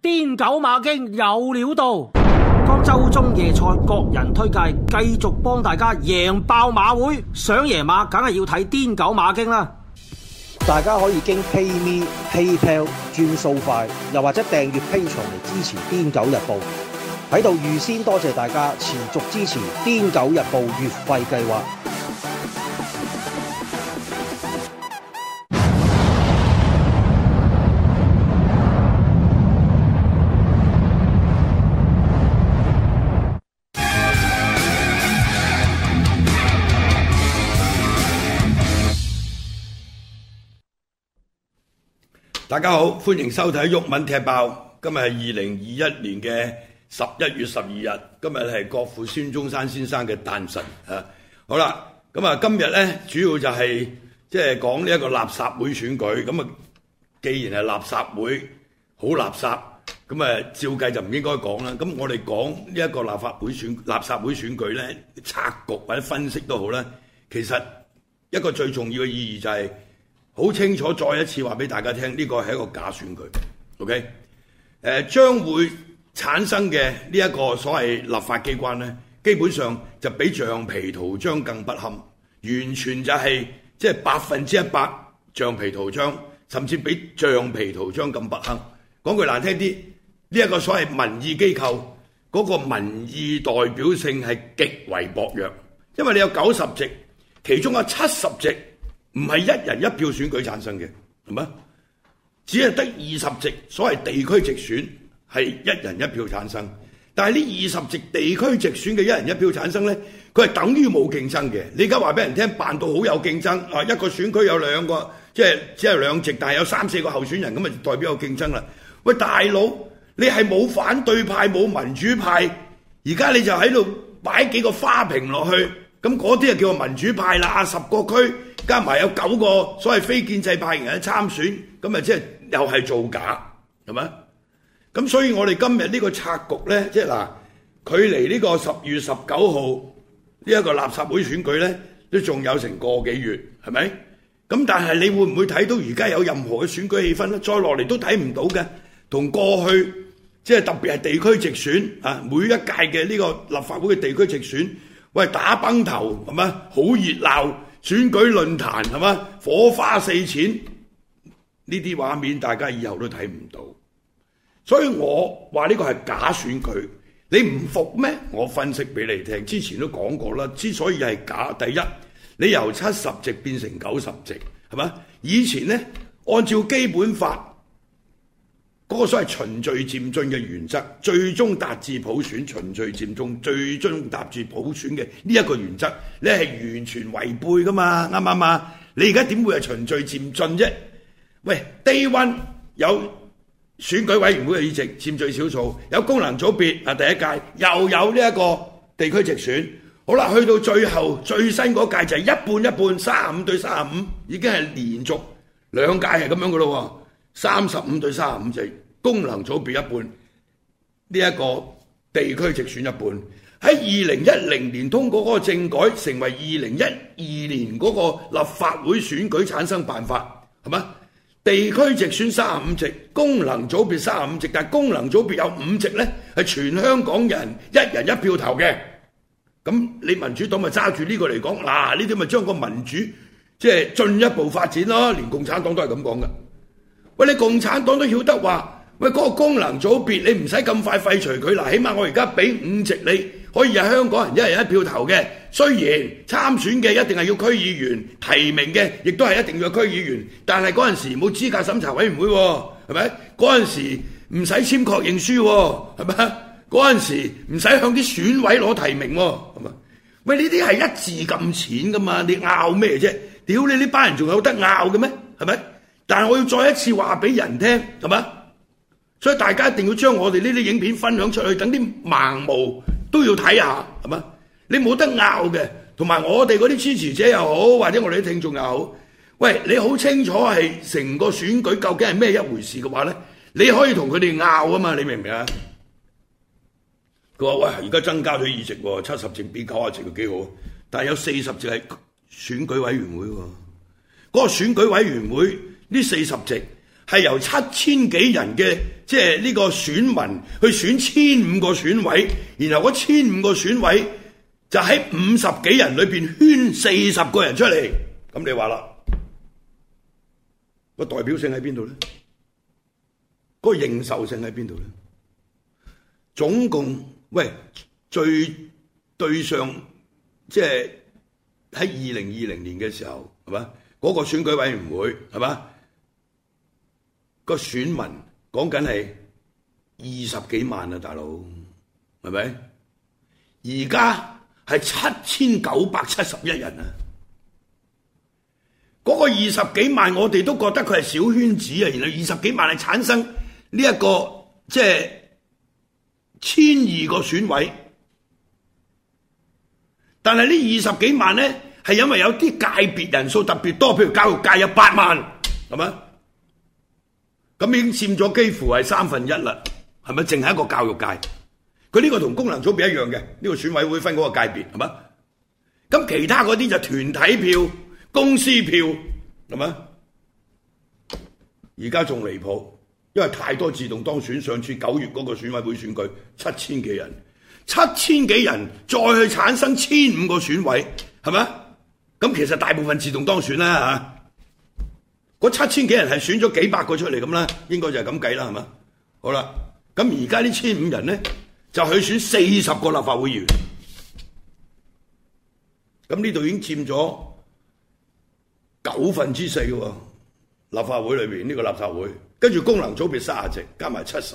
癲狗馬經有料到，講周中夜賽各人推介，繼續幫大家贏爆馬會。想贏馬梗係要睇癲狗馬經啦！大家可以經 PayMe、PayPal 轉數快，又或者訂閱 Patreon 嚟支持癲狗日報。喺度預先多謝大家持續支持癲狗日報月費計劃。大家好，歡迎收睇《毓民踢爆》。今日係二零二一年嘅十一月十二日，今日係國父孫中山先生嘅誕辰。吓，好啦，咁啊，今日呢主要就係即係講呢一個垃圾會選舉。咁啊，既然係垃圾會好垃圾，咁啊照計就唔應該講啦。咁我哋講呢一個立法會選、垃圾會選舉呢，拆局或者分析都好啦。其實一個最重要嘅意義就係。好清楚，再一次話俾大家聽，呢個係一個假選舉，OK？誒，將會產生嘅呢一個所謂立法機關呢，基本上就比橡皮圖章更不堪，完全就係即係百分之一百橡皮圖章，甚至比橡皮圖章更不堪。講句難聽啲，呢一個所謂民意機構嗰個民意代表性係極為薄弱，因為你有九十席，其中有七十席。唔係一人一票選舉產生嘅，係咪？只係得二十席，所謂地區直選係一,一,一人一票產生，但係呢二十席地區直選嘅一人一票產生呢，佢係等於冇競爭嘅。你而家話俾人聽，扮到好有競爭啊！一個選區有兩個，即係即係兩席，但係有三、四個候選人咁啊，就代表有競爭啦。喂，大佬，你係冇反對派，冇民主派，而家你就喺度擺幾個花瓶落去？咁嗰啲啊叫個民主派啦，十個區加埋有九個所謂非建制派人士參選，咁啊即係又係造假，係咪？咁所以我哋今日呢個策局呢，即係嗱，距離呢個十月十九號呢一個垃圾會選舉呢，都仲有成個幾月，係咪？咁但係你會唔會睇到而家有任何嘅選舉氣氛呢？再落嚟都睇唔到嘅，同過去即係特別係地區直選啊，每一屆嘅呢個立法會嘅地區直選。打崩頭係嘛？好熱鬧，選舉論壇係嘛？火花四濺，呢啲畫面大家以後都睇唔到，所以我話呢個係假選舉，你唔服咩？我分析俾你聽，之前都講過啦。之所以係假，第一你由七十席變成九十席係嘛？以前呢，按照基本法。嗰個所謂循序漸進嘅原則，最終達至普選，循序漸進，最終達至普選嘅呢一個原則，你係完全違背噶嘛？啱啱嘛，你而家點會係循序漸進啫？喂，第一有選舉委員會嘅議席佔最少數，有功能組別啊，第一屆又有呢一個地區直選，好啦，去到最後最新嗰屆就係、是、一半一半，三十五對三十五，已經係連續兩屆係咁樣噶咯。三十五對三十五席，功能組別一半，呢一個地區直選一半。喺二零一零年通過嗰個政改，成為二零一二年嗰個立法會選舉產生辦法，係嘛？地區直選三十五席，功能組別三十五席，但功能組別有五席呢係全香港人一人一票投嘅。咁你民主黨咪揸住呢個嚟講，嗱呢啲咪將個民主即係進一步發展咯。連共產黨都係咁講嘅。喂，你共產黨都曉得話，喂嗰個功能組別你唔使咁快廢除佢，嗱，起碼我而家俾五席，你可以係香港人一人一票投嘅。雖然參選嘅一定係要區議員提名嘅，亦都係一定要區議員，但係嗰陣時冇資格審查委員會喎，係咪？嗰陣時唔使簽確認書喎，係咪？嗰時唔使向啲選委攞提名喎，係咪？喂，呢啲係一字咁淺㗎嘛，你拗咩啫？屌你呢班人仲有得拗嘅咩？係咪？但係我要再一次話俾人聽，係咪？所以大家一定要將我哋呢啲影片分享出去，等啲盲毛都要睇下，係咪？你冇得拗嘅，同埋我哋嗰啲支持者又好，或者我哋啲聽眾又好，喂，你好清楚係成個選舉究竟係咩一回事嘅話咧，你可以同佢哋拗啊嘛，你明唔明啊？佢話：喂，而家增加咗議席喎，七十席變九啊席幾好？但係有四十席係選舉委員會喎，嗰個選舉委員會。呢四十席係由七千幾人嘅即係呢個選民去選千五個選委，然後嗰千五個選委就喺五十幾人裏邊圈四十個人出嚟。咁你話啦，個代表性喺邊度咧？個認受性喺邊度咧？總共，喂，最對上即係喺二零二零年嘅時候，係嘛，嗰個選舉委員會係嘛？個選民講緊係二十幾萬啊，大佬，係咪？而家係七千九百七十一人啊，嗰個二十幾萬我哋都覺得佢係小圈子啊，原來二十幾萬係產生呢一個即係千二個選委，但係呢二十幾萬咧係因為有啲界別人數特別多，譬如教育界有八萬，係咪？咁已經佔咗幾乎係三分一啦，係咪？淨係一個教育界，佢呢個同功能組別一樣嘅，呢個選委會分嗰個界別係嘛？咁其他嗰啲就團體票、公司票係嘛？而家仲離譜，因為太多自動當選。上次九月嗰個選委會選舉，七千幾人，七千幾人再去產生千五個選委，係嘛？咁其實大部分自動當選啦，啊嗰七千幾人係選咗幾百個出嚟咁啦，應該就係咁計啦，係嘛？好啦，咁而家呢千五人咧，就去選四十個立法會議員，咁呢度已經佔咗九分之四嘅立法會裏邊呢個立法會，跟住功能組別卅席加埋七十，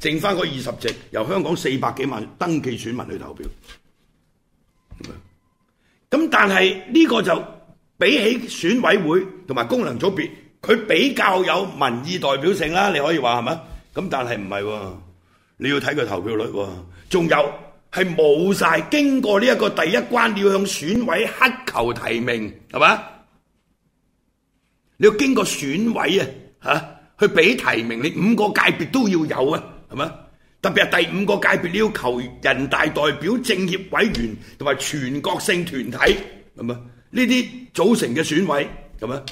剩翻嗰二十席由香港四百幾萬登記選民去投票。咁但係呢個就比起選委會同埋功能組別。佢比較有民意代表性啦，你可以話係嘛？咁但係唔係喎？你要睇佢投票率喎。仲有係冇晒經過呢一個第一關，你要向選委乞求提名係嘛？你要經過選委啊嚇去俾提名，你五個界別都要有啊，係嘛？特別係第五個界別，你要求人大代表、政協委員同埋全國性團體咁啊，呢啲組成嘅選委咁啊。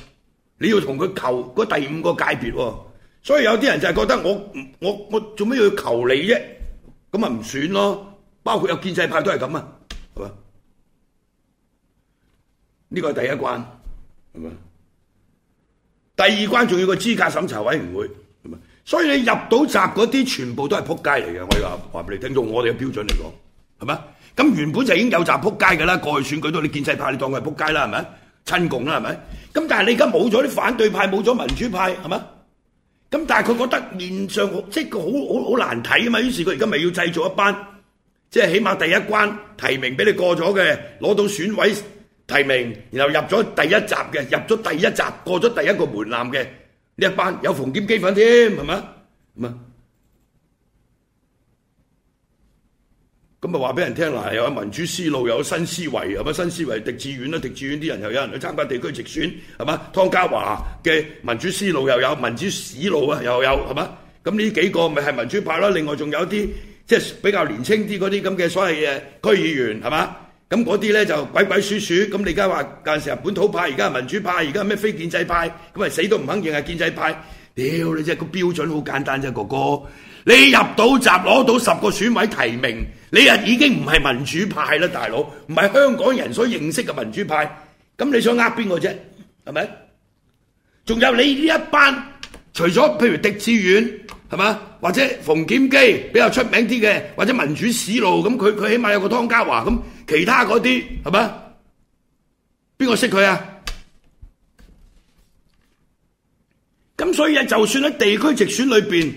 你要同佢求嗰第五個界別喎、啊，所以有啲人就係覺得我我我做咩要求你啫？咁咪唔選咯。包括有建制派都係咁啊，係嘛？呢個係第一關，係嘛？第二關仲要個資格審查委員會，係嘛？所以你入到閘嗰啲全部都係撲街嚟嘅。我話話俾你聽，用我哋嘅標準嚟講，係嘛？咁原本就已經有閘撲街㗎啦。過去選舉到你建制派，你當佢係撲街啦，係咪？親共啦，係咪？咁但係你而家冇咗啲反對派，冇咗民主派，係咪？咁但係佢覺得面上即係佢好好好難睇啊嘛！於是佢而家咪要製造一班，即係起碼第一關提名俾你過咗嘅，攞到選委提名，然後入咗第一集嘅，入咗第一集過咗第一個門檻嘅呢一班有逢檢機粉添，係咪？咁啊！咁咪話俾人聽啦，又有，有民主思路，又有新思維，有乜新思維？狄志遠啦，狄志遠啲人又有人去參加地區直選，係嘛？湯家驊嘅民主思路又有民主屎路啊，又有係嘛？咁呢幾個咪係民主派咯。另外仲有啲即係比較年輕啲嗰啲咁嘅所謂嘅區議員，係嘛？咁嗰啲咧就鬼鬼祟祟。咁你而家話嗰陣時本土派，而家民主派，而家咩非建制派？咁咪死都唔肯認係建制派。屌、哎、你！即係個標準好簡單啫，哥哥。你入到閘攞到十個選委提名，你就已經唔係民主派啦，大佬，唔係香港人所認識嘅民主派。咁你想呃邊個啫？係咪？仲有你呢一班，除咗譬如狄志遠，係咪，或者馮檢基比較出名啲嘅，或者民主思路咁，佢佢起碼有個湯家驊咁，其他嗰啲係咪？邊個識佢啊？咁所以就算喺地區直選裏邊。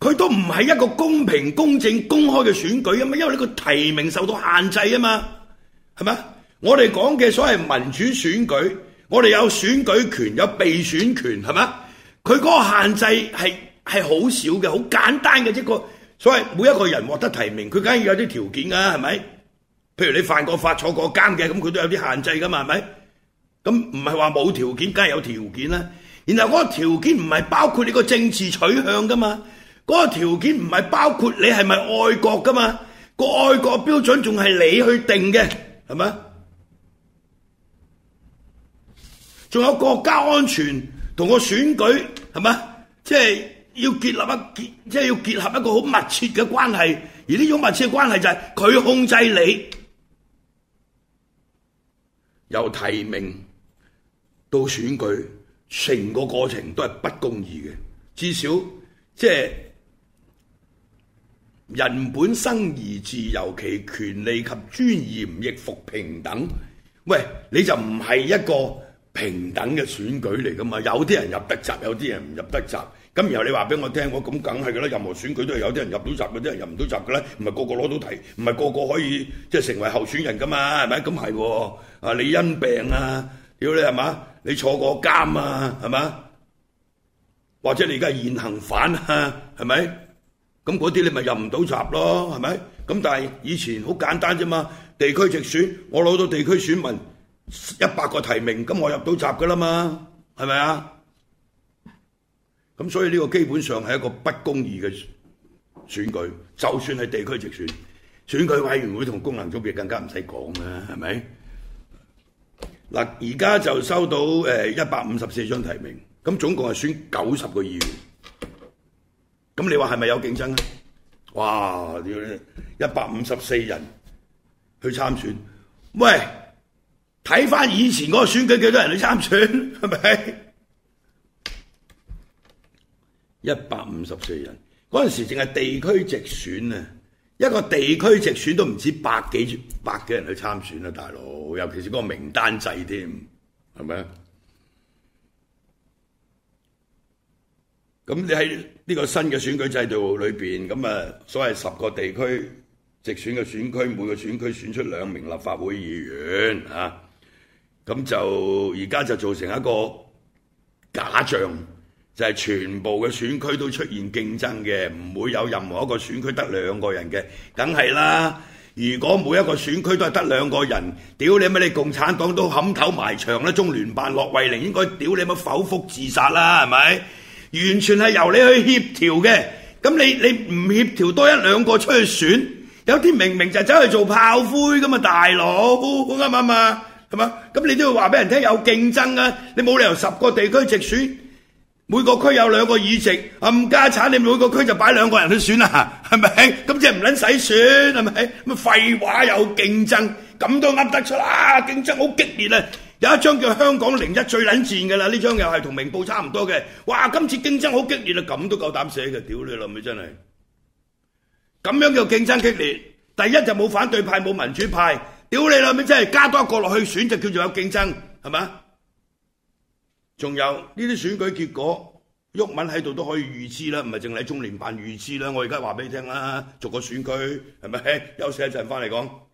佢都唔係一個公平、公正、公開嘅選舉啊嘛，因為呢個提名受到限制啊嘛，係咪？我哋講嘅所謂民主選舉，我哋有選舉權、有被選權，係咪？佢嗰個限制係係好少嘅、好簡單嘅一個，所謂每一個人獲得提名，佢梗係要有啲條件㗎，係咪？譬如你犯過法、坐過監嘅，咁佢都有啲限制㗎嘛，係咪？咁唔係話冇條件，梗係有條件啦。然後嗰個條件唔係包括你個政治取向㗎嘛。嗰個條件唔係包括你係咪愛國㗎嘛？個愛國標準仲係你去定嘅，係咪？仲有國家安全同個選舉，係咪？即係要結立一結，即係要結合一個好密切嘅關係。而呢種密切嘅關係就係佢控制你，由提名到選舉，成個過程都係不公義嘅。至少即係。人本生而自由，其權利及尊嚴亦服平等。喂，你就唔係一個平等嘅選舉嚟噶嘛？有啲人入得閘，有啲人唔入得閘。咁然後你話俾我聽，我咁梗係噶啦，任何選舉都係有啲人入到閘，有啲人入唔到閘噶啦。唔係個個攞到題，唔係個個可以即係成為候選人噶嘛？係咪？咁係喎。啊，你因病啊，屌你係嘛？你坐過監啊，係嘛？或者你而家係現行犯啊，係咪？咁嗰啲你咪入唔到閘咯，係咪？咁但係以前好簡單啫嘛，地區直選，我攞到地區選民一百個提名，咁我入到閘㗎喇嘛，係咪啊？咁所以呢個基本上係一個不公義嘅選舉，就算係地區直選，選舉委員會同功能組別更加唔使講喇，係咪？嗱，而家就收到誒一百五十四張提名，咁總共係選九十個議員。咁你話係咪有競爭啊？哇！屌，一百五十四人去參選，喂，睇翻以前嗰個選舉幾多人去參選，係咪？一百五十四人，嗰陣時淨係地區直選啊，一個地區直選都唔止百幾百幾人去參選啊，大佬，尤其是嗰個名單制添，係咪？咁你喺呢個新嘅選舉制度裏邊，咁誒所謂十個地區直選嘅選區，每個選區選出兩名立法會議員啊，咁就而家就造成一個假象，就係、是、全部嘅選區都出現競爭嘅，唔會有任何一個選區得兩個人嘅，梗係啦。如果每一個選區都係得兩個人，屌你乜你共產黨都冚頭埋牆啦，中聯辦、駱惠寧應該屌你乜剖腹自殺啦，係咪？完全係由你去協調嘅，咁你你唔協調多一兩個出去選，有啲明明就走去做炮灰咁啊，大佬啱唔啱啊？係嘛？咁你都要話俾人聽有競爭啊！你冇理由十個地區直選，每個區有兩個議席，冚、嗯、家鏟，你每個區就擺兩個人去選啦？係咪？咁即係唔撚使選係咪？乜廢話有競爭，咁都呃得出啦！競、啊、爭好激烈啊！有一張叫《香港零一最冷戰的》嘅啦，呢張又係同明報差唔多嘅。哇，今次競爭好激烈啊，咁都夠膽寫嘅，屌你老味真係！咁樣叫競爭激烈，第一就冇反對派，冇民主派，屌你老味真係加多一個落去選就叫做有競爭，係咪啊？仲有呢啲選舉結果，毓民喺度都可以預知啦，唔係淨係喺中聯辦預知啦。我而家話俾你聽啦，逐個選舉係咪？休息一陣返嚟講。